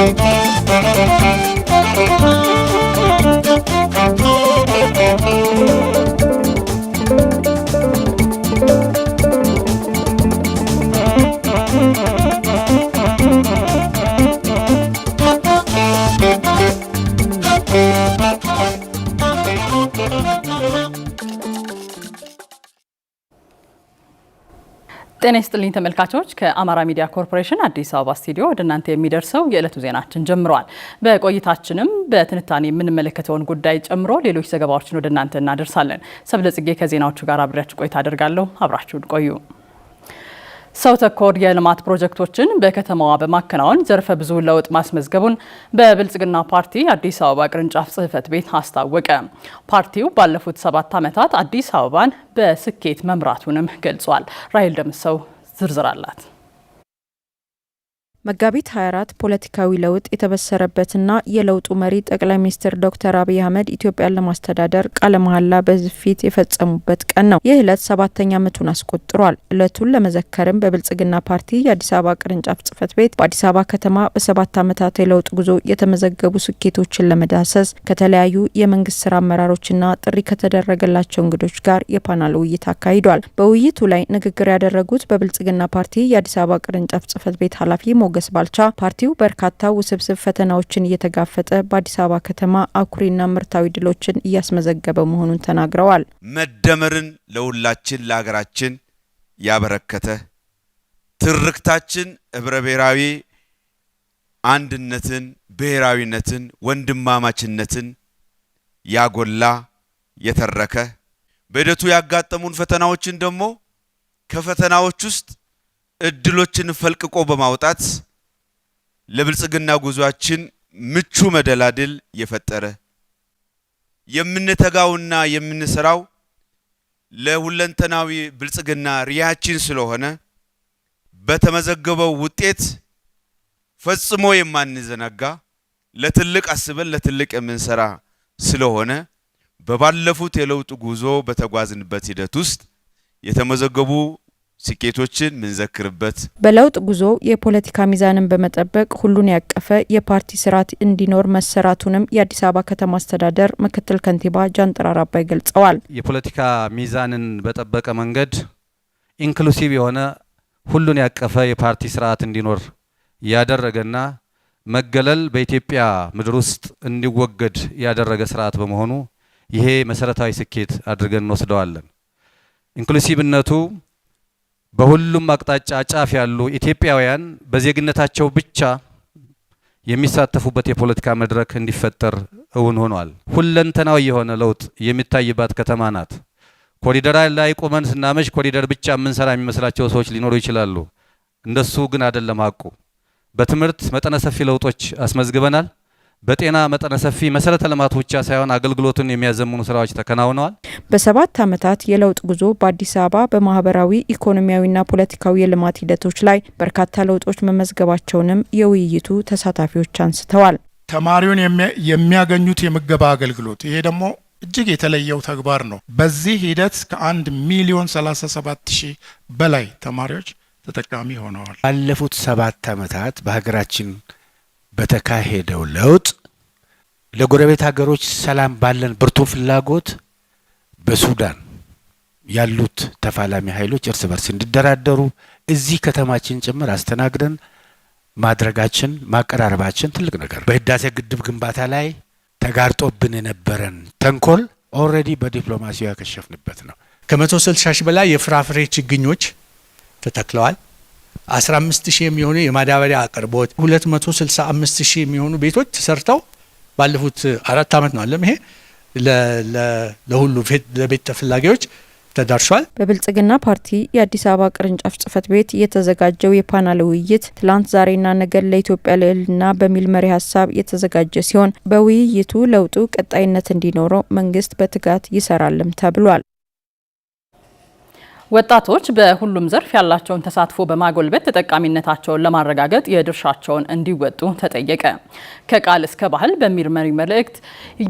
Thank you. ጤና ይስጥልኝ ተመልካቾች፣ ከአማራ ሚዲያ ኮርፖሬሽን አዲስ አበባ ስቱዲዮ ወደ እናንተ የሚደርሰው የዕለቱ ዜናችን ጀምረዋል። በቆይታችንም በትንታኔ የምንመለከተውን ጉዳይ ጨምሮ ሌሎች ዘገባዎችን ወደ እናንተ እናደርሳለን። ሰብለጽጌ ከዜናዎቹ ጋር አብሬያችሁ ቆይታ አደርጋለሁ። አብራችሁን ቆዩ። ሰው ተኮር የልማት ፕሮጀክቶችን በከተማዋ በማከናወን ዘርፈ ብዙ ለውጥ ማስመዝገቡን በብልጽግና ፓርቲ አዲስ አበባ ቅርንጫፍ ጽህፈት ቤት አስታወቀ። ፓርቲው ባለፉት ሰባት ዓመታት አዲስ አበባን በስኬት መምራቱንም ገልጿል። ራሄል ደምሰው ዝርዝር አላት። መጋቢት 24 ፖለቲካዊ ለውጥ የተበሰረበትና የለውጡ መሪ ጠቅላይ ሚኒስትር ዶክተር አብይ አህመድ ኢትዮጵያን ለማስተዳደር ቃለ መሐላ በሕዝብ ፊት የፈጸሙበት ቀን ነው። ይህ ዕለት ሰባተኛ ዓመቱን አስቆጥሯል። ዕለቱን ለመዘከርም በብልጽግና ፓርቲ የአዲስ አበባ ቅርንጫፍ ጽህፈት ቤት በአዲስ አበባ ከተማ በሰባት ዓመታት የለውጥ ጉዞ የተመዘገቡ ስኬቶችን ለመዳሰስ ከተለያዩ የመንግስት ስራ አመራሮችና ጥሪ ከተደረገላቸው እንግዶች ጋር የፓናል ውይይት አካሂዷል። በውይይቱ ላይ ንግግር ያደረጉት በብልጽግና ፓርቲ የአዲስ አበባ ቅርንጫፍ ጽህፈት ቤት ኃላፊ ሞገስ ባልቻ ፓርቲው በርካታ ውስብስብ ፈተናዎችን እየተጋፈጠ በአዲስ አበባ ከተማ አኩሪና ምርታዊ ድሎችን እያስመዘገበ መሆኑን ተናግረዋል። መደመርን ለሁላችን ለሀገራችን ያበረከተ ትርክታችን ህብረ ብሔራዊ አንድነትን፣ ብሔራዊነትን፣ ወንድማማችነትን ያጎላ የተረከ በሂደቱ ያጋጠሙን ፈተናዎችን ደግሞ ከፈተናዎች ውስጥ እድሎችን ፈልቅቆ በማውጣት ለብልጽግና ጉዟችን ምቹ መደላድል የፈጠረ የምንተጋውና የምንሰራው ለሁለንተናዊ ብልጽግና ሪያችን ስለሆነ በተመዘገበው ውጤት ፈጽሞ የማንዘናጋ ለትልቅ አስበን ለትልቅ የምንሰራ ስለሆነ በባለፉት የለውጥ ጉዞ በተጓዝንበት ሂደት ውስጥ የተመዘገቡ ስኬቶችን ምንዘክርበት በለውጥ ጉዞ የፖለቲካ ሚዛንን በመጠበቅ ሁሉን ያቀፈ የፓርቲ ስርዓት እንዲኖር መሰራቱንም የአዲስ አበባ ከተማ አስተዳደር ምክትል ከንቲባ ጃንጥራር አባይ ገልጸዋል። የፖለቲካ ሚዛንን በጠበቀ መንገድ ኢንክሉሲቭ የሆነ ሁሉን ያቀፈ የፓርቲ ስርዓት እንዲኖር ያደረገና መገለል በኢትዮጵያ ምድር ውስጥ እንዲወገድ ያደረገ ስርዓት በመሆኑ ይሄ መሰረታዊ ስኬት አድርገን እንወስደዋለን። ኢንክሉሲቭነቱ በሁሉም አቅጣጫ ጫፍ ያሉ ኢትዮጵያውያን በዜግነታቸው ብቻ የሚሳተፉበት የፖለቲካ መድረክ እንዲፈጠር እውን ሆኗል። ሁለንተናዊ የሆነ ለውጥ የሚታይባት ከተማ ናት። ኮሪደር ላይ ቆመን ስናመሽ ኮሪደር ብቻ የምንሰራ የሚመስላቸው ሰዎች ሊኖሩ ይችላሉ። እንደሱ ግን አይደለም ሀቁ። በትምህርት መጠነ ሰፊ ለውጦች አስመዝግበናል። በጤና መጠነ ሰፊ መሰረተ ልማት ብቻ ሳይሆን አገልግሎትን የሚያዘምኑ ስራዎች ተከናውነዋል። በሰባት ዓመታት የለውጥ ጉዞ በአዲስ አበባ በማህበራዊ ኢኮኖሚያዊና ፖለቲካዊ የልማት ሂደቶች ላይ በርካታ ለውጦች መመዝገባቸውንም የውይይቱ ተሳታፊዎች አንስተዋል። ተማሪውን የሚያገኙት የምገባ አገልግሎት ይሄ ደግሞ እጅግ የተለየው ተግባር ነው። በዚህ ሂደት ከአንድ ሚሊዮን 37 ሺህ በላይ ተማሪዎች ተጠቃሚ ሆነዋል። ባለፉት ሰባት ዓመታት በሀገራችን በተካሄደው ለውጥ ለጎረቤት ሀገሮች ሰላም ባለን ብርቱ ፍላጎት በሱዳን ያሉት ተፋላሚ ኃይሎች እርስ በርስ እንዲደራደሩ እዚህ ከተማችን ጭምር አስተናግደን ማድረጋችን ማቀራረባችን ትልቅ ነገር። በህዳሴ ግድብ ግንባታ ላይ ተጋርጦብን የነበረን ተንኮል ኦልሬዲ በዲፕሎማሲው ያከሸፍንበት ነው። ከመቶ ስልሳ ሺህ በላይ የፍራፍሬ ችግኞች ተተክለዋል። 15 ሺህ የሚሆኑ የማዳበሪያ አቅርቦት 265 ሺህ የሚሆኑ ቤቶች ተሰርተው ባለፉት አራት ዓመት ነው አለም ይሄ ለሁሉ ለቤት ተፈላጊዎች ተዳርሷል። በብልጽግና ፓርቲ የአዲስ አበባ ቅርንጫፍ ጽህፈት ቤት የተዘጋጀው የፓናል ውይይት ትላንት ዛሬና ነገር ለኢትዮጵያ ልዕልና በሚል መሪ ሀሳብ የተዘጋጀ ሲሆን በውይይቱ ለውጡ ቀጣይነት እንዲኖረው መንግስት በትጋት ይሰራልም ተብሏል። ወጣቶች በሁሉም ዘርፍ ያላቸውን ተሳትፎ በማጎልበት ተጠቃሚነታቸውን ለማረጋገጥ የድርሻቸውን እንዲወጡ ተጠየቀ። ከቃል እስከ ባህል በሚል መሪ መልእክት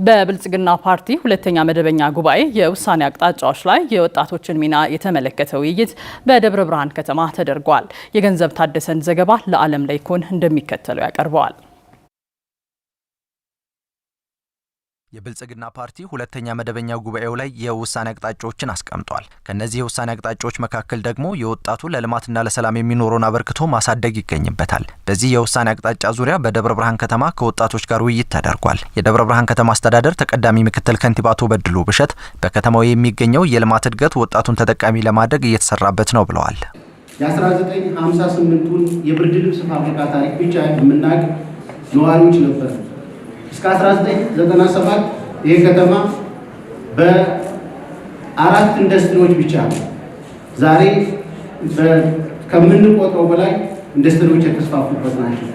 በብልጽግና ፓርቲ ሁለተኛ መደበኛ ጉባኤ የውሳኔ አቅጣጫዎች ላይ የወጣቶችን ሚና የተመለከተ ውይይት በደብረ ብርሃን ከተማ ተደርጓል። የገንዘብ ታደሰን ዘገባ ለዓለም ኮን እንደሚከተለው ያቀርበዋል። የብልጽግና ፓርቲ ሁለተኛ መደበኛ ጉባኤው ላይ የውሳኔ አቅጣጫዎችን አስቀምጧል። ከእነዚህ የውሳኔ አቅጣጫዎች መካከል ደግሞ የወጣቱ ለልማትና ለሰላም የሚኖረውን አበርክቶ ማሳደግ ይገኝበታል። በዚህ የውሳኔ አቅጣጫ ዙሪያ በደብረ ብርሃን ከተማ ከወጣቶች ጋር ውይይት ተደርጓል። የደብረ ብርሃን ከተማ አስተዳደር ተቀዳሚ ምክትል ከንቲባ አቶ በድሉ ብሸት በከተማው የሚገኘው የልማት እድገት ወጣቱን ተጠቃሚ ለማድረግ እየተሰራበት ነው ብለዋል። የ1958ቱን የብርድ ልብስ ፋብሪካ ታሪክ ብቻ የምናውቅ ነዋሪዎች ነበር እስከ 1997 ይህ ከተማ በአራት ኢንዱስትሪዎች ብቻ ነው። ዛሬ ከምንቆጥረው በላይ ኢንዱስትሪዎች የተስፋፉበት ናቸው።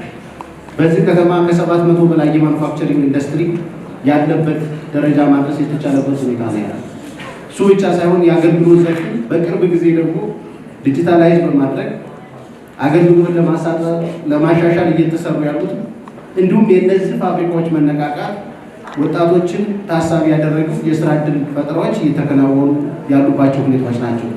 በዚህ ከተማ ከሰባት መቶ በላይ የማኑፋክቸሪንግ ኢንዱስትሪ ያለበት ደረጃ ማድረስ የተቻለበት ሁኔታ ነው ያለ። እሱ ብቻ ሳይሆን የአገልግሎት ዘርፍ በቅርብ ጊዜ ደግሞ ዲጂታላይዝ በማድረግ አገልግሎትን ለማሳጠር ለማሻሻል እየተሰሩ ያሉት እንዲሁም የእነዚህ ፋብሪካዎች መነቃቃት ወጣቶችን ታሳቢ ያደረጉ የስራ ዕድል ፈጠራዎች እየተከናወኑ ያሉባቸው ሁኔታዎች ናቸው።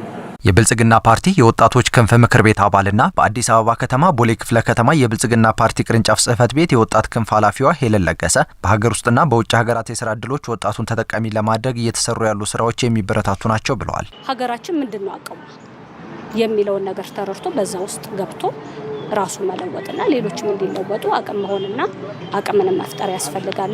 የብልጽግና ፓርቲ የወጣቶች ክንፍ ምክር ቤት አባልና በአዲስ አበባ ከተማ ቦሌ ክፍለ ከተማ የብልጽግና ፓርቲ ቅርንጫፍ ጽህፈት ቤት የወጣት ክንፍ ኃላፊዋ ሄለን ለገሰ በሀገር ውስጥና በውጭ ሀገራት የስራ እድሎች ወጣቱን ተጠቃሚ ለማድረግ እየተሰሩ ያሉ ስራዎች የሚበረታቱ ናቸው ብለዋል። ሀገራችን ምንድን ነው አቅሟ የሚለውን ነገር ተረድቶ በዛ ውስጥ ገብቶ ራሱን መለወጥና ሌሎችም እንዲለወጡ አቅም መሆንና አቅምንም መፍጠር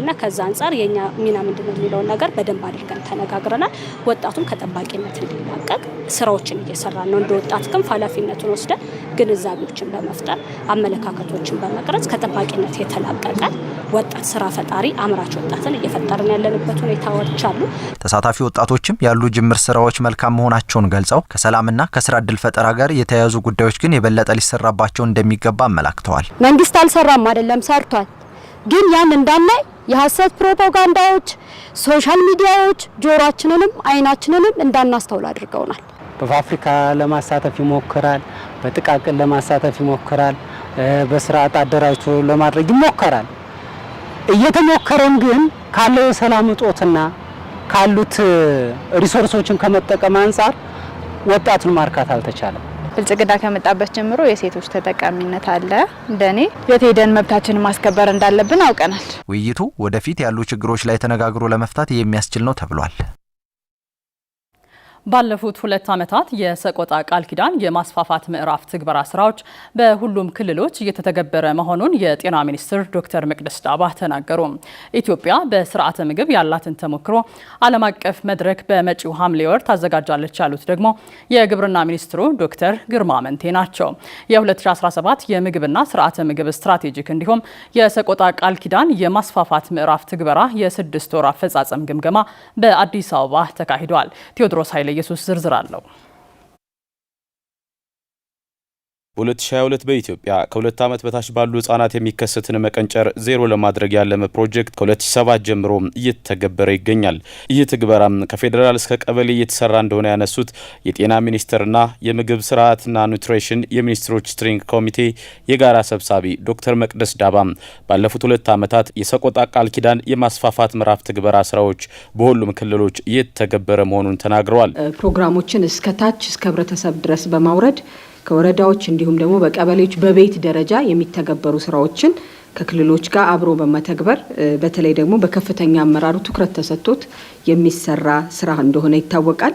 እና ከዛ አንጻር የኛ ሚና ምንድን ነው የሚለውን ነገር በደንብ አድርገን ተነጋግረናል። ወጣቱም ከጠባቂነት እንዲላቀቅ ስራዎችን እየሰራ ነው። እንደ ወጣት ግን ኃላፊነቱን ወስደን ግንዛቤዎችን በመፍጠር አመለካከቶችን በመቅረጽ ከጠባቂነት የተላቀቀ ወጣት ስራ ፈጣሪ አምራች ወጣትን እየፈጠርን ያለንበት ሁኔታዎች አሉ። ተሳታፊ ወጣቶችም ያሉ ጅምር ስራዎች መልካም መሆናቸውን ገልጸው ከሰላምና ከስራ እድል ፈጠራ ጋር የተያያዙ ጉዳዮች ግን የበለጠ ሊሰራባቸው እንደ እንደሚገባ አመላክተዋል። መንግስት አልሰራም አይደለም፣ ሰርቷል። ግን ያን እንዳናይ የሀሰት ፕሮፓጋንዳዎች፣ ሶሻል ሚዲያዎች ጆሯችንንም አይናችንንም እንዳናስተውል አድርገውናል። በፋብሪካ ለማሳተፍ ይሞክራል፣ በጥቃቅን ለማሳተፍ ይሞክራል፣ በስርዓት አደራጅቶ ለማድረግ ይሞከራል። እየተሞከረም ግን ካለው የሰላም እጦትና ካሉት ሪሶርሶችን ከመጠቀም አንጻር ወጣቱን ማርካት አልተቻለም። ብልጽግና ከመጣበት ጀምሮ የሴቶች ተጠቃሚነት አለ። እንደኔ የት ሄደን መብታችንን ማስከበር እንዳለብን አውቀናል። ውይይቱ ወደፊት ያሉ ችግሮች ላይ ተነጋግሮ ለመፍታት የሚያስችል ነው ተብሏል። ባለፉት ሁለት ዓመታት የሰቆጣ ቃል ኪዳን የማስፋፋት ምዕራፍ ትግበራ ስራዎች በሁሉም ክልሎች እየተተገበረ መሆኑን የጤና ሚኒስትር ዶክተር መቅደስ ዳባ ተናገሩ። ኢትዮጵያ በስርዓተ ምግብ ያላትን ተሞክሮ ዓለም አቀፍ መድረክ በመጪው ሐምሌ ወር ታዘጋጃለች ያሉት ደግሞ የግብርና ሚኒስትሩ ዶክተር ግርማ መንቴ ናቸው። የ2017 የምግብና ስርዓተ ምግብ ስትራቴጂክ እንዲሁም የሰቆጣ ቃል ኪዳን የማስፋፋት ምዕራፍ ትግበራ የስድስት ወር አፈጻጸም ግምገማ በአዲስ አበባ ተካሂዷል። ቴዎድሮስ ኃይለ የኢየሱስ ዝርዝር አለው። በ2022 በኢትዮጵያ ከሁለት ዓመት በታች ባሉ ህጻናት የሚከሰትን መቀንጨር ዜሮ ለማድረግ ያለመ ፕሮጀክት ከ2007 ጀምሮ እየተተገበረ ይገኛል። ይህ ትግበራም ከፌዴራል እስከ ቀበሌ እየተሰራ እንደሆነ ያነሱት የጤና ሚኒስቴርና የምግብ ስርዓትና ኑትሪሽን የሚኒስትሮች ስትሪንግ ኮሚቴ የጋራ ሰብሳቢ ዶክተር መቅደስ ዳባ ባለፉት ሁለት ዓመታት የሰቆጣ ቃል ኪዳን የማስፋፋት ምዕራፍ ትግበራ ስራዎች በሁሉም ክልሎች እየተተገበረ መሆኑን ተናግረዋል። ፕሮግራሞችን እስከታች እስከ ህብረተሰብ ድረስ በማውረድ ከወረዳዎች እንዲሁም ደግሞ በቀበሌዎች በቤት ደረጃ የሚተገበሩ ስራዎችን ከክልሎች ጋር አብሮ በመተግበር በተለይ ደግሞ በከፍተኛ አመራሩ ትኩረት ተሰጥቶት የሚሰራ ስራ እንደሆነ ይታወቃል።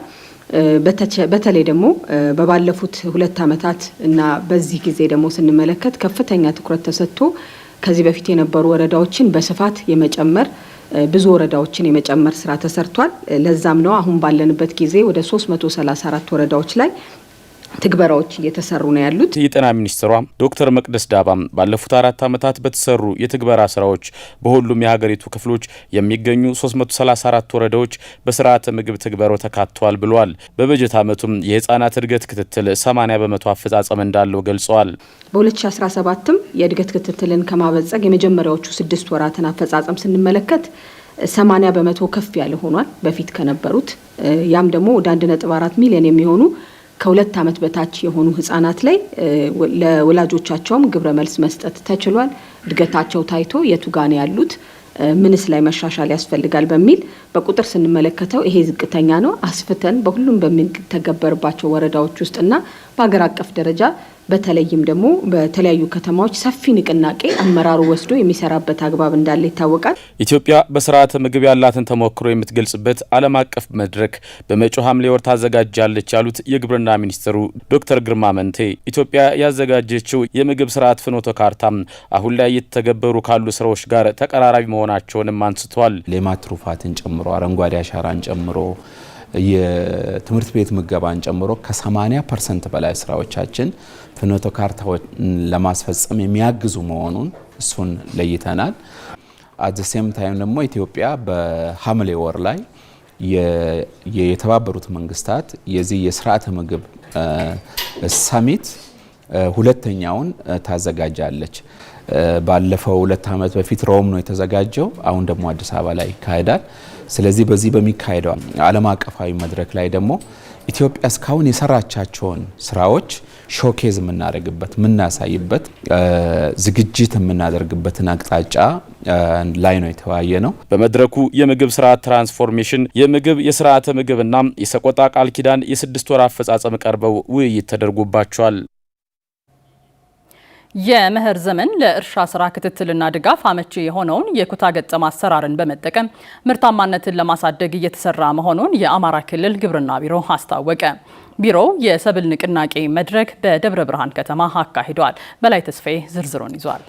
በተለይ ደግሞ በባለፉት ሁለት ዓመታት እና በዚህ ጊዜ ደግሞ ስንመለከት ከፍተኛ ትኩረት ተሰጥቶ ከዚህ በፊት የነበሩ ወረዳዎችን በስፋት የመጨመር ብዙ ወረዳዎችን የመጨመር ስራ ተሰርቷል። ለዛም ነው አሁን ባለንበት ጊዜ ወደ 334 ወረዳዎች ላይ ትግበራዎች እየተሰሩ ነው ያሉት የጤና ሚኒስትሯ ዶክተር መቅደስ ዳባም ባለፉት አራት ዓመታት በተሰሩ የትግበራ ስራዎች በሁሉም የሀገሪቱ ክፍሎች የሚገኙ 334 ወረዳዎች በስርዓተ ምግብ ትግበራው ተካተዋል ብለዋል። በበጀት ዓመቱም የህፃናት እድገት ክትትል 80 በመቶ አፈጻጸም እንዳለው ገልጸዋል። በ2017ም የእድገት ክትትልን ከማበልጸግ የመጀመሪያዎቹ ስድስት ወራትን አፈጻጸም ስንመለከት 80 በመቶ ከፍ ያለ ሆኗል በፊት ከነበሩት ያም ደግሞ ወደ 1.4 ሚሊዮን የሚሆኑ ከሁለት ዓመት በታች የሆኑ ህጻናት ላይ ለወላጆቻቸውም ግብረ መልስ መስጠት ተችሏል። እድገታቸው ታይቶ የቱጋን ያሉት ምንስ ላይ መሻሻል ያስፈልጋል በሚል በቁጥር ስንመለከተው ይሄ ዝቅተኛ ነው። አስፍተን በሁሉም በሚተገበርባቸው ወረዳዎች ውስጥና በሀገር አቀፍ ደረጃ በተለይም ደግሞ በተለያዩ ከተማዎች ሰፊ ንቅናቄ አመራሩ ወስዶ የሚሰራበት አግባብ እንዳለ ይታወቃል። ኢትዮጵያ በስርዓተ ምግብ ያላትን ተሞክሮ የምትገልጽበት ዓለም አቀፍ መድረክ በመጪው ሐምሌ ወር ታዘጋጃለች ያሉት የግብርና ሚኒስትሩ ዶክተር ግርማ መንቴ ኢትዮጵያ ያዘጋጀችው የምግብ ስርዓት ፍኖተ ካርታም አሁን ላይ እየተገበሩ ካሉ ስራዎች ጋር ተቀራራቢ መሆናቸውንም አንስቷል ሌማት ትሩፋትን ጨምሮ አረንጓዴ አሻራን ጨምሮ የትምህርት ቤት ምገባን ጨምሮ ከ80 ፐርሰንት በላይ ስራዎቻችን ፍኖተ ካርታውን ለማስፈጸም የሚያግዙ መሆኑን እሱን ለይተናል። ሴም ታይም ደግሞ ኢትዮጵያ በሐምሌ ወር ላይ የተባበሩት መንግስታት የዚህ የስርዓተ ምግብ ሰሚት ሁለተኛውን ታዘጋጃለች። ባለፈው ሁለት ዓመት በፊት ሮም ነው የተዘጋጀው። አሁን ደግሞ አዲስ አበባ ላይ ይካሄዳል። ስለዚህ በዚህ በሚካሄደው ዓለም አቀፋዊ መድረክ ላይ ደግሞ ኢትዮጵያ እስካሁን የሰራቻቸውን ስራዎች ሾኬዝ የምናደርግበት የምናሳይበት ዝግጅት የምናደርግበትን አቅጣጫ ላይ ነው የተወያየ ነው። በመድረኩ የምግብ ስርዓት ትራንስፎርሜሽን፣ የምግብ የስርዓተ ምግብና የሰቆጣ ቃል ኪዳን የስድስት ወር አፈጻጸም ቀርበው ውይይት ተደርጎባቸዋል። የመኸር ዘመን ለእርሻ ስራ ክትትልና ድጋፍ አመቺ የሆነውን የኩታ ገጠም አሰራርን በመጠቀም ምርታማነትን ለማሳደግ እየተሰራ መሆኑን የአማራ ክልል ግብርና ቢሮ አስታወቀ። ቢሮው የሰብል ንቅናቄ መድረክ በደብረ ብርሃን ከተማ አካሂዷል። በላይ ተስፋ ዝርዝሩን ይዟል።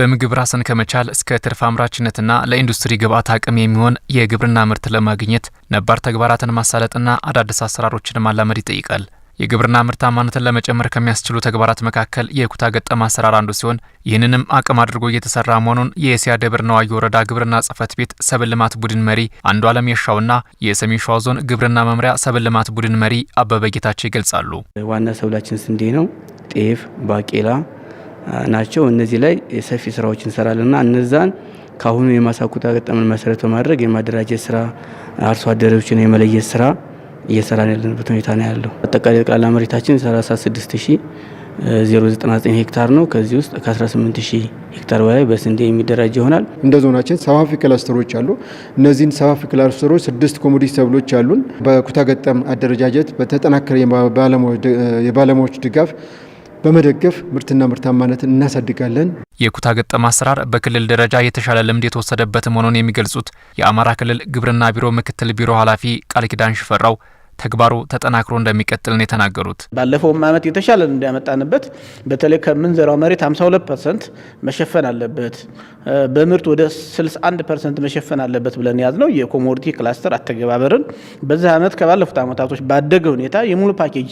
በምግብ ራስን ከመቻል እስከ ትርፍ አምራችነትና ለኢንዱስትሪ ግብአት አቅም የሚሆን የግብርና ምርት ለማግኘት ነባር ተግባራትን ማሳለጥና አዳዲስ አሰራሮችን ማላመድ ይጠይቃል። የግብርና ምርታማነትን ለመጨመር ከሚያስችሉ ተግባራት መካከል የኩታ ገጠም አሰራር አንዱ ሲሆን ይህንንም አቅም አድርጎ እየተሰራ መሆኑን የእስያ ደብር ነዋይ ወረዳ ግብርና ጽህፈት ቤት ሰብል ልማት ቡድን መሪ አንዱ አለም የሻውና የሰሜን ሸዋ ዞን ግብርና መምሪያ ሰብል ልማት ቡድን መሪ አበበ ጌታቸው ይገልጻሉ። ዋና ሰብላችን ስንዴ ነው። ጤፍ፣ ባቄላ ናቸው። እነዚህ ላይ ሰፊ ስራዎች እንሰራለንና እነዛን ከአሁኑ የማሳ ኩታ ገጠምን መሰረት በማድረግ የማደራጀት ስራ፣ አርሶ አደሮችን የመለየት ስራ እየሰራን ያለንበት ሁኔታ ነው ያለው። አጠቃላይ ጠቅላላ መሬታችን 36099 ሄክታር ነው። ከዚህ ውስጥ ከ18000 ሄክታር በላይ በስንዴ የሚደራጅ ይሆናል። እንደ ዞናችን ሰፋፊ ክላስተሮች አሉ። እነዚህን ሰፋፊ ክላስተሮች ስድስት ኮሞዲቲ ሰብሎች አሉን። በኩታ ገጠም አደረጃጀት በተጠናከረ የባለሙያዎች ድጋፍ በመደገፍ ምርትና ምርታማነት እናሳድጋለን። የኩታ ገጠም አሰራር በክልል ደረጃ የተሻለ ልምድ የተወሰደበት መሆኑን የሚገልጹት የአማራ ክልል ግብርና ቢሮ ምክትል ቢሮ ኃላፊ ቃል ኪዳን ሽፈራው ተግባሩ ተጠናክሮ እንደሚቀጥል ነው የተናገሩት። ባለፈውም ዓመት የተሻለ እንዳመጣንበት በተለይ ከምንዘራው መሬት 52 ፐርሰንት መሸፈን አለበት። በምርት ወደ 61 ፐርሰንት መሸፈን አለበት ብለን ያዝ ነው የኮሞዲቲ ክላስተር አተገባበርን በዚህ ዓመት ከባለፉት ዓመታቶች ባደገ ሁኔታ የሙሉ ፓኬጅ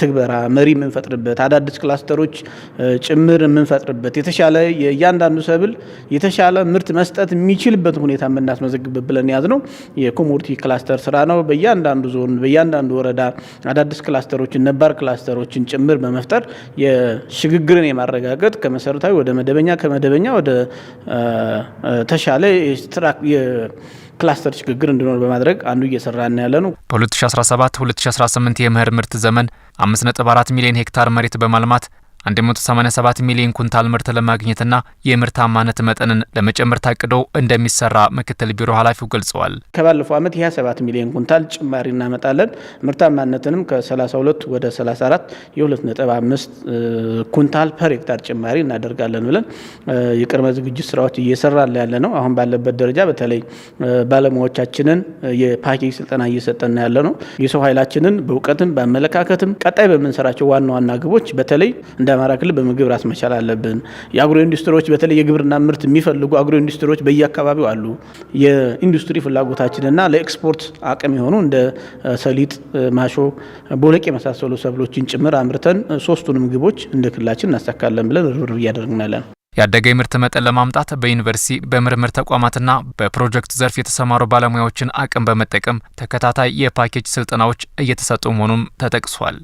ትግበራ መሪ የምንፈጥርበት አዳዲስ ክላስተሮች ጭምር የምንፈጥርበት የተሻለ የእያንዳንዱ ሰብል የተሻለ ምርት መስጠት የሚችልበት ሁኔታ የምናስመዘግብበት ብለን ያዝ ነው የኮሞዲቲ ክላስተር ስራ ነው። በእያንዳንዱ ዞን በእያንዳንዱ ወረዳ አዳዲስ ክላስተሮችን ነባር ክላስተሮችን ጭምር በመፍጠር የሽግግርን የማረጋገጥ ከመሰረታዊ ወደ መደበኛ ከመደበኛ ወደ ተሻለ ክላስተር ሽግግር እንዲኖር በማድረግ አንዱ እየሰራ ና ያለ ነው። በ2017 2018 ምርት ዘመን 5.4 ሚሊዮን ሄክታር መሬት በማልማት 187 ሚሊዮን ኩንታል ምርት ለማግኘትና የምርታማነት መጠንን ለመጨመር ታቅዶ እንደሚሰራ ምክትል ቢሮ ኃላፊው ገልጸዋል። ከባለፈው ዓመት የ27 ሚሊዮን ኩንታል ጭማሪ እናመጣለን። ምርታማነትንም ከ32 ወደ 34 የ2.5 ኩንታል ፐር ሄክታር ጭማሪ እናደርጋለን ብለን የቅድመ ዝግጅት ስራዎች እየሰራ ያለ ነው። አሁን ባለበት ደረጃ በተለይ ባለሙያዎቻችንን የፓኬጅ ስልጠና እየሰጠና ያለ ነው። የሰው ኃይላችንን በእውቀትም በአመለካከትም ቀጣይ በምንሰራቸው ዋና ዋና ግቦች በተለይ እንደ አማራ ክልል በምግብ ራስ መቻል አለብን። የአግሮ ኢንዱስትሪዎች በተለይ የግብርና ምርት የሚፈልጉ አግሮ ኢንዱስትሪዎች በየአካባቢው አሉ። የኢንዱስትሪ ፍላጎታችንና ለኤክስፖርት አቅም የሆኑ እንደ ሰሊጥ፣ ማሾ፣ ቦለቅ የመሳሰሉ ሰብሎችን ጭምር አምርተን ሶስቱንም ግቦች እንደ ክልላችን እናሳካለን ብለን ርብርብ እያደረግናለን። ያደገ የምርት መጠን ለማምጣት በዩኒቨርሲቲ በምርምር ተቋማትና በፕሮጀክት ዘርፍ የተሰማሩ ባለሙያዎችን አቅም በመጠቀም ተከታታይ የፓኬጅ ስልጠናዎች እየተሰጡ መሆኑም ተጠቅሷል።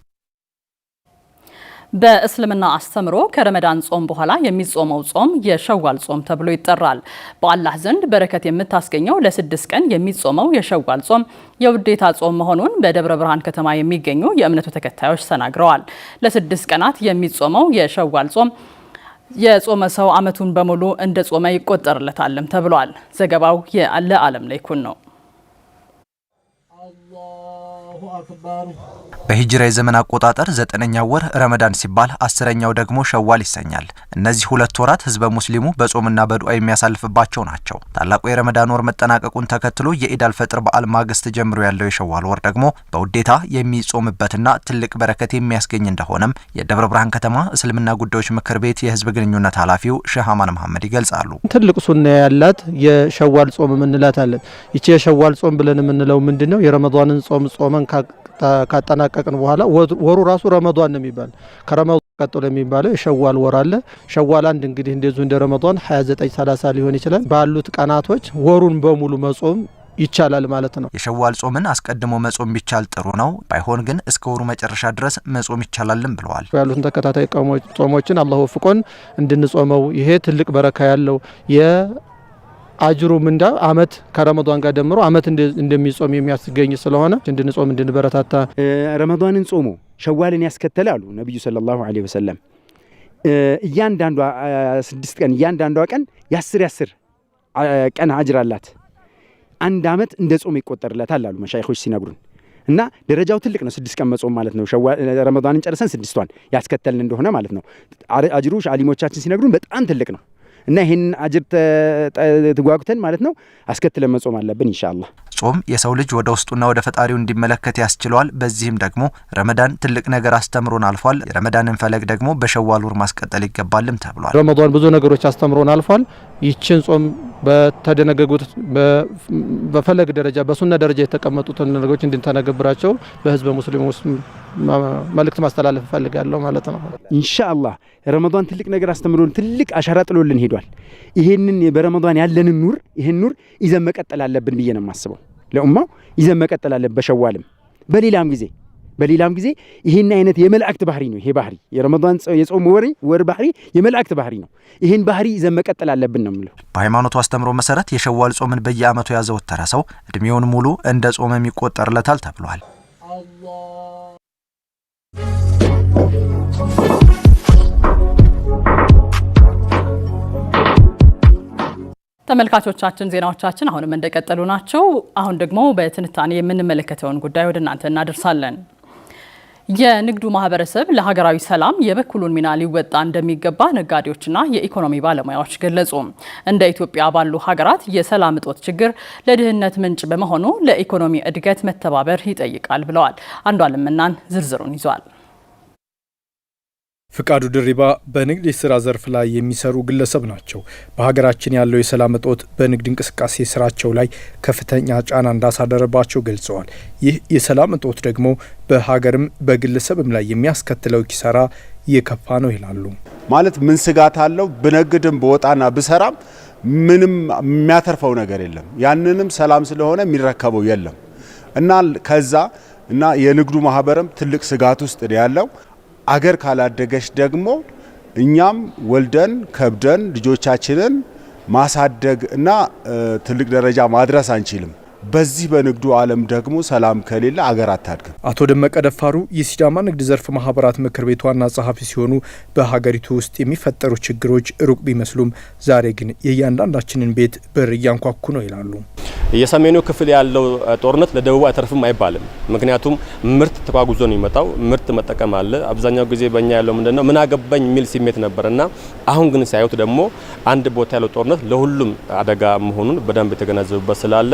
በእስልምና አስተምሮ ከረመዳን ጾም በኋላ የሚጾመው ጾም የሸዋል ጾም ተብሎ ይጠራል። በአላህ ዘንድ በረከት የምታስገኘው ለስድስት ቀን የሚጾመው የሸዋል ጾም የውዴታ ጾም መሆኑን በደብረ ብርሃን ከተማ የሚገኙ የእምነቱ ተከታዮች ተናግረዋል። ለስድስት ቀናት የሚጾመው የሸዋል ጾም የጾመ ሰው ዓመቱን በሙሉ እንደ ጾመ ይቆጠርለታልም ተብሏል። ዘገባው የአለ አለም ላይኩን ነው። አላሁ አክበር በሂጅራ የዘመን አቆጣጠር ዘጠነኛው ወር ረመዳን ሲባል አስረኛው ደግሞ ሸዋል ይሰኛል። እነዚህ ሁለት ወራት ህዝበ ሙስሊሙ በጾምና በዱዓ የሚያሳልፍባቸው ናቸው። ታላቁ የረመዳን ወር መጠናቀቁን ተከትሎ የኢድ አልፈጥር በዓል ማግስት ጀምሮ ያለው የሸዋል ወር ደግሞ በውዴታ የሚጾምበትና ትልቅ በረከት የሚያስገኝ እንደሆነም የደብረ ብርሃን ከተማ እስልምና ጉዳዮች ምክር ቤት የህዝብ ግንኙነት ኃላፊው ሼህ አማን መሐመድ ይገልጻሉ። ትልቅ ሱና ያላት የሸዋል ጾም የምንላት ይቺ የሸዋል ጾም ብለን የምንለው ምንድን ነው? የረመዳንን ጾም ጾመን ካጠናቀ ካጠናቀቅን በኋላ ወሩ ራሱ ረመዷን ነው የሚባል። ከረመዷን ቀጥሎ የሚባለው የሸዋል ወር አለ። ሸዋል አንድ እንግዲህ እንደዚሁ እንደ ረመዷን 29፣ 30 ሊሆን ይችላል። ባሉት ቀናቶች ወሩን በሙሉ መጾም ይቻላል ማለት ነው። የሸዋል ጾምን አስቀድሞ መጾም ቢቻል ጥሩ ነው። ባይሆን ግን እስከ ወሩ መጨረሻ ድረስ መጾም ይቻላልም ብለዋል። ያሉትን ተከታታይ ጾሞችን አላህ ወፍቆን እንድንጾመው ይሄ ትልቅ በረካ ያለው አጅሩ ምንዳ አመት ከረመዷን ጋር ደምሮ አመት እንደሚጾም የሚያስገኝ ስለሆነ እንድንጾም እንድንበረታታ ረመዷንን ጾሙ ሸዋልን ያስከተለ አሉ ነቢዩ ሰለላሁ ዐለይሂ ወሰለም። እያንዳንዷ ስድስት ቀን እያንዳንዷ ቀን የአስር የአስር ቀን አጅር አላት። አንድ አመት እንደ ጾም ይቆጠርለታል አሉ መሻይኮች ሲነግሩን እና ደረጃው ትልቅ ነው። ስድስት ቀን መጾም ማለት ነው። ረመዷንን ጨርሰን ስድስቷን ያስከተልን እንደሆነ ማለት ነው። አጅሩ አሊሞቻችን ሲነግሩን በጣም ትልቅ ነው። እና ይህን አጅር ተጓጉተን ማለት ነው አስከትለን መጾም አለብን ኢንሻአላህ። ጾም የሰው ልጅ ወደ ውስጡና ወደ ፈጣሪው እንዲመለከት ያስችለዋል። በዚህም ደግሞ ረመዳን ትልቅ ነገር አስተምሮን አልፏል። የረመዳንን ፈለግ ደግሞ በሸዋል ወር ማስቀጠል ይገባልም ተብሏል። ረመዳን ብዙ ነገሮች አስተምሮን አልፏል። ይችን ጾም በተደነገጉት በፈለግ ደረጃ በሱና ደረጃ የተቀመጡትን ነገሮች እንድንተነግብራቸው በህዝበ ሙስሊሙ መልእክት ማስተላለፍ እፈልጋለሁ ማለት ነው። ኢንሻአላህ ረመዳን ትልቅ ነገር አስተምሮን ትልቅ አሻራ ጥሎልን ሄዷል። ይህንን በረመዳን ያለንን ኑር ይህን ኑር ይዘን መቀጠል አለብን ብዬ ነው የማስበው። ለኡማው ይዘን መቀጠል በሸዋልም በሌላም ጊዜ በሌላም ጊዜ ይህን አይነት የመላእክት ባህሪ ነው። ይሄ ባህሪ የረመዳን የጾም ወር ወር ባህሪ የመላእክት ባህሪ ነው። ይህን ባህሪ ይዘን መቀጠል አለብን ነው የምለው። በሃይማኖቱ አስተምሮ መሰረት የሸዋል ጾምን በየዓመቱ ያዘወተረ ሰው እድሜውን ሙሉ እንደ ጾም የሚቆጠርለታል ተብሏል። ተመልካቾቻችን ዜናዎቻችን አሁንም እንደቀጠሉ ናቸው። አሁን ደግሞ በትንታኔ የምንመለከተውን ጉዳይ ወደ እናንተ እናደርሳለን። የንግዱ ማህበረሰብ ለሀገራዊ ሰላም የበኩሉን ሚና ሊወጣ እንደሚገባ ነጋዴዎችና የኢኮኖሚ ባለሙያዎች ገለጹ። እንደ ኢትዮጵያ ባሉ ሀገራት የሰላም እጦት ችግር ለድህነት ምንጭ በመሆኑ ለኢኮኖሚ እድገት መተባበር ይጠይቃል ብለዋል። አንዷለም እናን ዝርዝሩን ይዟል። ፍቃዱ ድሪባ በንግድ የስራ ዘርፍ ላይ የሚሰሩ ግለሰብ ናቸው። በሀገራችን ያለው የሰላም እጦት በንግድ እንቅስቃሴ ስራቸው ላይ ከፍተኛ ጫና እንዳሳደረባቸው ገልጸዋል። ይህ የሰላም እጦት ደግሞ በሀገርም በግለሰብም ላይ የሚያስከትለው ኪሳራ የከፋ ነው ይላሉ። ማለት ምን ስጋት አለው? ብነግድም ብወጣና ብሰራም ምንም የሚያተርፈው ነገር የለም። ያንንም ሰላም ስለሆነ የሚረከበው የለም እና ከዛ እና የንግዱ ማህበርም ትልቅ ስጋት ውስጥ ያለው አገር ካላደገች ደግሞ እኛም ወልደን ከብደን ልጆቻችንን ማሳደግ እና ትልቅ ደረጃ ማድረስ አንችልም። በዚህ በንግዱ ዓለም ደግሞ ሰላም ከሌለ አገር አታድግም። አቶ ደመቀ ደፋሩ የሲዳማ ንግድ ዘርፍ ማህበራት ምክር ቤት ዋና ጸሐፊ ሲሆኑ በሀገሪቱ ውስጥ የሚፈጠሩ ችግሮች ሩቅ ቢመስሉም ዛሬ ግን የእያንዳንዳችንን ቤት በር እያንኳኩ ነው ይላሉ። የሰሜኑ ክፍል ያለው ጦርነት ለደቡብ አይተርፍም አይባልም። ምክንያቱም ምርት ተጓጉዞ ነው የሚመጣው። ምርት መጠቀም አለ። አብዛኛው ጊዜ በእኛ ያለው ምንድን ነው ምን አገባኝ የሚል ስሜት ነበር እና አሁን ግን ሲያዩት ደግሞ አንድ ቦታ ያለው ጦርነት ለሁሉም አደጋ መሆኑን በደንብ የተገነዘቡበት ስላለ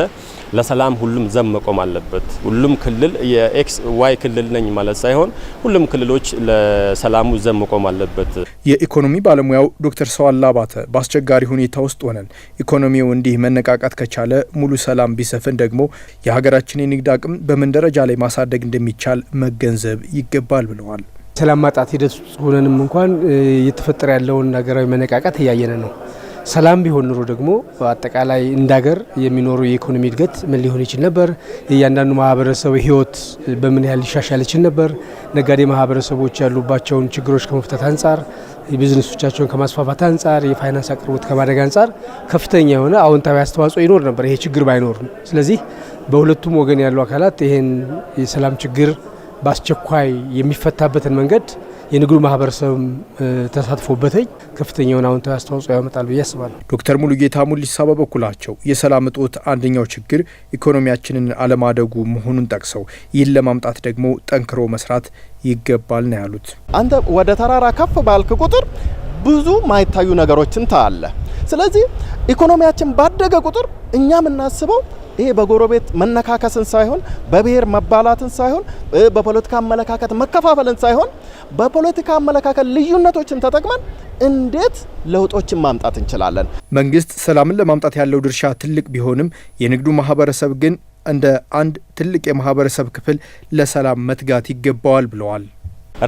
ለሰላም ሁሉም ዘብ መቆም አለበት። ሁሉም ክልል የኤክስ ዋይ ክልል ነኝ ማለት ሳይሆን ሁሉም ክልሎች ለሰላሙ ዘብ መቆም አለበት። የኢኮኖሚ ባለሙያው ዶክተር ሰዋላ አባተ በአስቸጋሪ ሁኔታ ውስጥ ሆነን ኢኮኖሚው እንዲህ መነቃቃት ከቻለ ሙሉ ሰላም ቢሰፍን ደግሞ የሀገራችን የንግድ አቅም በምን ደረጃ ላይ ማሳደግ እንደሚቻል መገንዘብ ይገባል ብለዋል። ሰላም ማጣት ሂደት ውስጥ ሆነንም እንኳን እየተፈጠረ ያለውን ሀገራዊ መነቃቃት እያየነ ነው። ሰላም ቢሆን ኑሮ ደግሞ አጠቃላይ እንዳገር የሚኖሩ የኢኮኖሚ እድገት ምን ሊሆን ይችል ነበር? የእያንዳንዱ ማህበረሰብ ህይወት በምን ያህል ሊሻሻል ይችል ነበር? ነጋዴ ማህበረሰቦች ያሉባቸውን ችግሮች ከመፍታት አንጻር፣ የቢዝነሶቻቸውን ከማስፋፋት አንጻር፣ የፋይናንስ አቅርቦት ከማደግ አንጻር ከፍተኛ የሆነ አዎንታዊ አስተዋጽኦ ይኖር ነበር ይሄ ችግር ባይኖር ስለዚህ በሁለቱም ወገን ያሉ አካላት ይህን የሰላም ችግር በአስቸኳይ የሚፈታበትን መንገድ የንግዱ ማህበረሰብ ተሳትፎበተኝ ከፍተኛውን አዎንታዊ አስተዋጽኦ ያመጣል ብዬ አስባለሁ። ዶክተር ሙሉጌታ ሙሊሳ በበኩላቸው የሰላም እጦት አንደኛው ችግር ኢኮኖሚያችንን አለማደጉ መሆኑን ጠቅሰው ይህን ለማምጣት ደግሞ ጠንክሮ መስራት ይገባል ነው ያሉት። አንተ ወደ ተራራ ከፍ ባልክ ቁጥር ብዙ ማይታዩ ነገሮችን ታያለ። ስለዚህ ኢኮኖሚያችን ባደገ ቁጥር እኛ የምናስበው ይሄ በጎረቤት መነካከስን ሳይሆን በብሔር መባላትን ሳይሆን በፖለቲካ አመለካከት መከፋፈልን ሳይሆን በፖለቲካ አመለካከት ልዩነቶችን ተጠቅመን እንዴት ለውጦችን ማምጣት እንችላለን። መንግስት ሰላምን ለማምጣት ያለው ድርሻ ትልቅ ቢሆንም የንግዱ ማህበረሰብ ግን እንደ አንድ ትልቅ የማህበረሰብ ክፍል ለሰላም መትጋት ይገባዋል ብለዋል።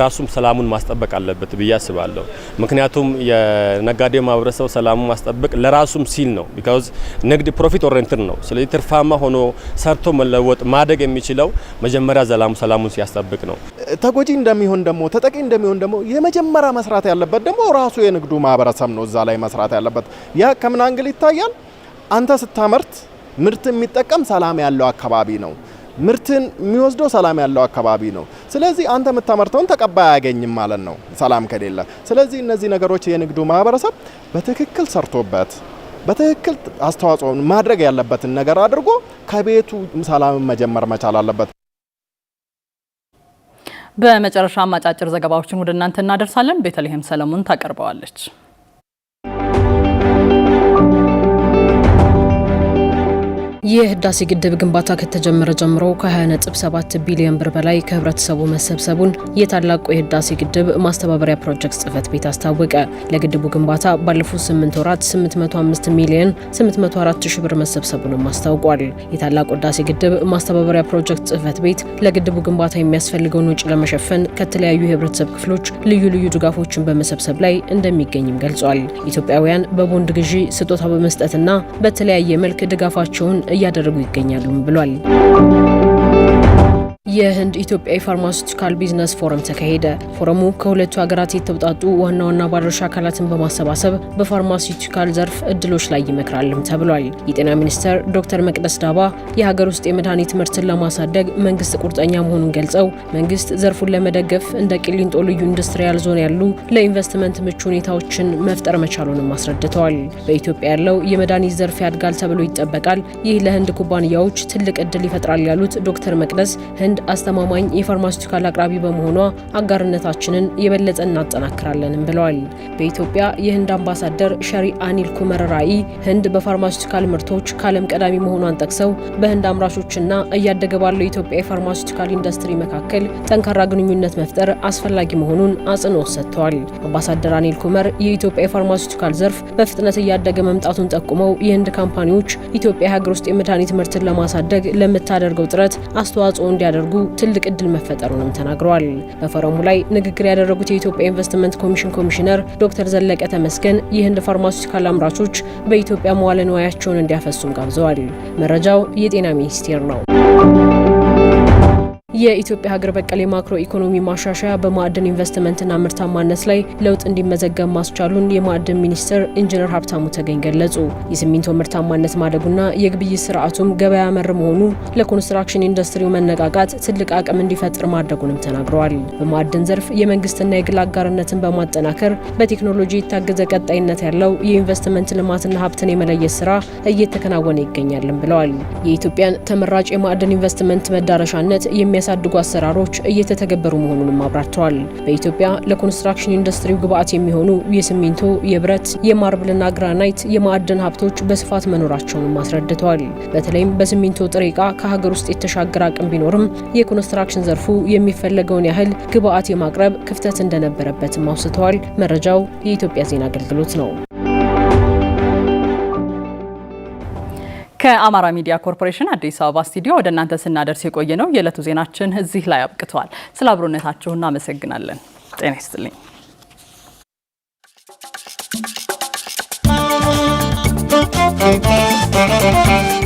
ራሱም ሰላሙን ማስጠበቅ አለበት ብዬ አስባለሁ። ምክንያቱም የነጋዴው ማህበረሰብ ሰላሙን ማስጠበቅ ለራሱም ሲል ነው። ቢካዝ ንግድ ፕሮፊት ኦሪየንትድ ነው። ስለዚህ ትርፋማ ሆኖ ሰርቶ መለወጥ ማደግ የሚችለው መጀመሪያ ዘላሙ ሰላሙን ሲያስጠብቅ ነው። ተጎጂ እንደሚሆን ደግሞ ተጠቂ እንደሚሆን ደግሞ የመጀመሪያ መስራት ያለበት ደግሞ ራሱ የንግዱ ማህበረሰብ ነው። እዛ ላይ መስራት ያለበት ያ ከምን አንግል ይታያል? አንተ ስታመርት ምርት የሚጠቀም ሰላም ያለው አካባቢ ነው። ምርትን የሚወስደው ሰላም ያለው አካባቢ ነው። ስለዚህ አንተ የምታመርተውን ተቀባይ አያገኝም ማለት ነው ሰላም ከሌለ። ስለዚህ እነዚህ ነገሮች የንግዱ ማህበረሰብ በትክክል ሰርቶበት በትክክል አስተዋጽኦ ማድረግ ያለበትን ነገር አድርጎ ከቤቱ ሰላምን መጀመር መቻል አለበት። በመጨረሻ አጫጭር ዘገባዎችን ወደ እናንተ እናደርሳለን። ቤተልሔም ሰለሞን ታቀርበዋለች። የህዳሴ ግድብ ግንባታ ከተጀመረ ጀምሮ ከ 27 ቢሊዮን ብር በላይ ከህብረተሰቡ መሰብሰቡን የታላቁ የህዳሴ ግድብ ማስተባበሪያ ፕሮጀክት ጽህፈት ቤት አስታወቀ። ለግድቡ ግንባታ ባለፉት 8 ወራት 805 ሚሊዮን 804 ሺህ ብር መሰብሰቡንም አስታውቋል። የታላቁ ህዳሴ ግድብ ማስተባበሪያ ፕሮጀክት ጽህፈት ቤት ለግድቡ ግንባታ የሚያስፈልገውን ውጭ ለመሸፈን ከተለያዩ የህብረተሰብ ክፍሎች ልዩ ልዩ ድጋፎችን በመሰብሰብ ላይ እንደሚገኝም ገልጿል። ኢትዮጵያውያን በቦንድ ግዢ ስጦታ በመስጠትና በተለያየ መልክ ድጋፋቸውን እያደረጉ ይገኛሉ ብሏል። የህንድ ኢትዮጵያ የፋርማሲውቲካል ቢዝነስ ፎረም ተካሄደ። ፎረሙ ከሁለቱ ሀገራት የተውጣጡ ዋና ዋና ባለድርሻ አካላትን በማሰባሰብ በፋርማሲውቲካል ዘርፍ እድሎች ላይ ይመክራልም ተብሏል። የጤና ሚኒስትር ዶክተር መቅደስ ዳባ የሀገር ውስጥ የመድኃኒት ምርትን ለማሳደግ መንግስት ቁርጠኛ መሆኑን ገልጸው መንግስት ዘርፉን ለመደገፍ እንደ ቂሊንጦ ልዩ ኢንዱስትሪያል ዞን ያሉ ለኢንቨስትመንት ምቹ ሁኔታዎችን መፍጠር መቻሉንም አስረድተዋል። በኢትዮጵያ ያለው የመድኃኒት ዘርፍ ያድጋል ተብሎ ይጠበቃል። ይህ ለህንድ ኩባንያዎች ትልቅ እድል ይፈጥራል ያሉት ዶክተር መቅደስ ህንድ አስተማማኝ የፋርማሲውቲካል አቅራቢ በመሆኗ አጋርነታችንን የበለጠ እናጠናክራለንም ብለዋል። በኢትዮጵያ የህንድ አምባሳደር ሸሪ አኒል ኩመር ራዕይ ህንድ በፋርማሲቲካል ምርቶች ከዓለም ቀዳሚ መሆኗን ጠቅሰው በህንድ አምራቾችና እያደገ ባለው የኢትዮጵያ የፋርማሲውቲካል ኢንዱስትሪ መካከል ጠንካራ ግንኙነት መፍጠር አስፈላጊ መሆኑን አጽንኦት ሰጥተዋል። አምባሳደር አኒል ኩመር የኢትዮጵያ የፋርማሲውቲካል ዘርፍ በፍጥነት እያደገ መምጣቱን ጠቁመው የህንድ ካምፓኒዎች ኢትዮጵያ የሀገር ውስጥ የመድኃኒት ምርትን ለማሳደግ ለምታደርገው ጥረት አስተዋጽኦ እንዲያደርጉ እንዲያደርጉ ትልቅ እድል መፈጠሩንም ተናግረዋል። በፈረሙ ላይ ንግግር ያደረጉት የኢትዮጵያ ኢንቨስትመንት ኮሚሽን ኮሚሽነር ዶክተር ዘለቀ ተመስገን የህንድ ፋርማሲካል አምራቾች በኢትዮጵያ መዋለ ንዋያቸውን እንዲያፈሱም ጋብዘዋል። መረጃው የጤና ሚኒስቴር ነው። የኢትዮጵያ ሀገር በቀል የማክሮ ኢኮኖሚ ማሻሻያ በማዕድን ኢንቨስትመንትና ምርታማነት ላይ ለውጥ እንዲመዘገብ ማስቻሉን የማዕድን ሚኒስትር ኢንጂነር ሀብታሙ ተገኝ ገለጹ። የሲሚንቶ ምርታማነት ማደጉና የግብይት ስርዓቱም ገበያ መር መሆኑ ለኮንስትራክሽን ኢንዱስትሪው መነቃቃት ትልቅ አቅም እንዲፈጥር ማድረጉንም ተናግረዋል። በማዕድን ዘርፍ የመንግስትና የግል አጋርነትን በማጠናከር በቴክኖሎጂ የታገዘ ቀጣይነት ያለው የኢንቨስትመንት ልማትና ሀብትን የመለየት ስራ እየተከናወነ ይገኛልም ብለዋል። የኢትዮጵያን ተመራጭ የማዕድን ኢንቨስትመንት መዳረሻነት የሚያሳ የሚያሳድጉ አሰራሮች እየተተገበሩ መሆኑንም አብራርተዋል። በኢትዮጵያ ለኮንስትራክሽን ኢንዱስትሪው ግብዓት የሚሆኑ የሲሚንቶ፣ የብረት፣ የማርብልና ግራናይት የማዕድን ሀብቶች በስፋት መኖራቸውንም አስረድተዋል። በተለይም በሲሚንቶ ጥሬ ዕቃ ከሀገር ውስጥ የተሻገረ አቅም ቢኖርም የኮንስትራክሽን ዘርፉ የሚፈለገውን ያህል ግብዓት የማቅረብ ክፍተት እንደነበረበትም አውስተዋል። መረጃው የኢትዮጵያ ዜና አገልግሎት ነው። ከአማራ ሚዲያ ኮርፖሬሽን አዲስ አበባ ስቱዲዮ ወደ እናንተ ስናደርስ የቆየ ነው። የዕለቱ ዜናችን እዚህ ላይ አብቅተዋል። ስለ አብሮነታችሁ እናመሰግናለን። ጤና ይስጥልኝ።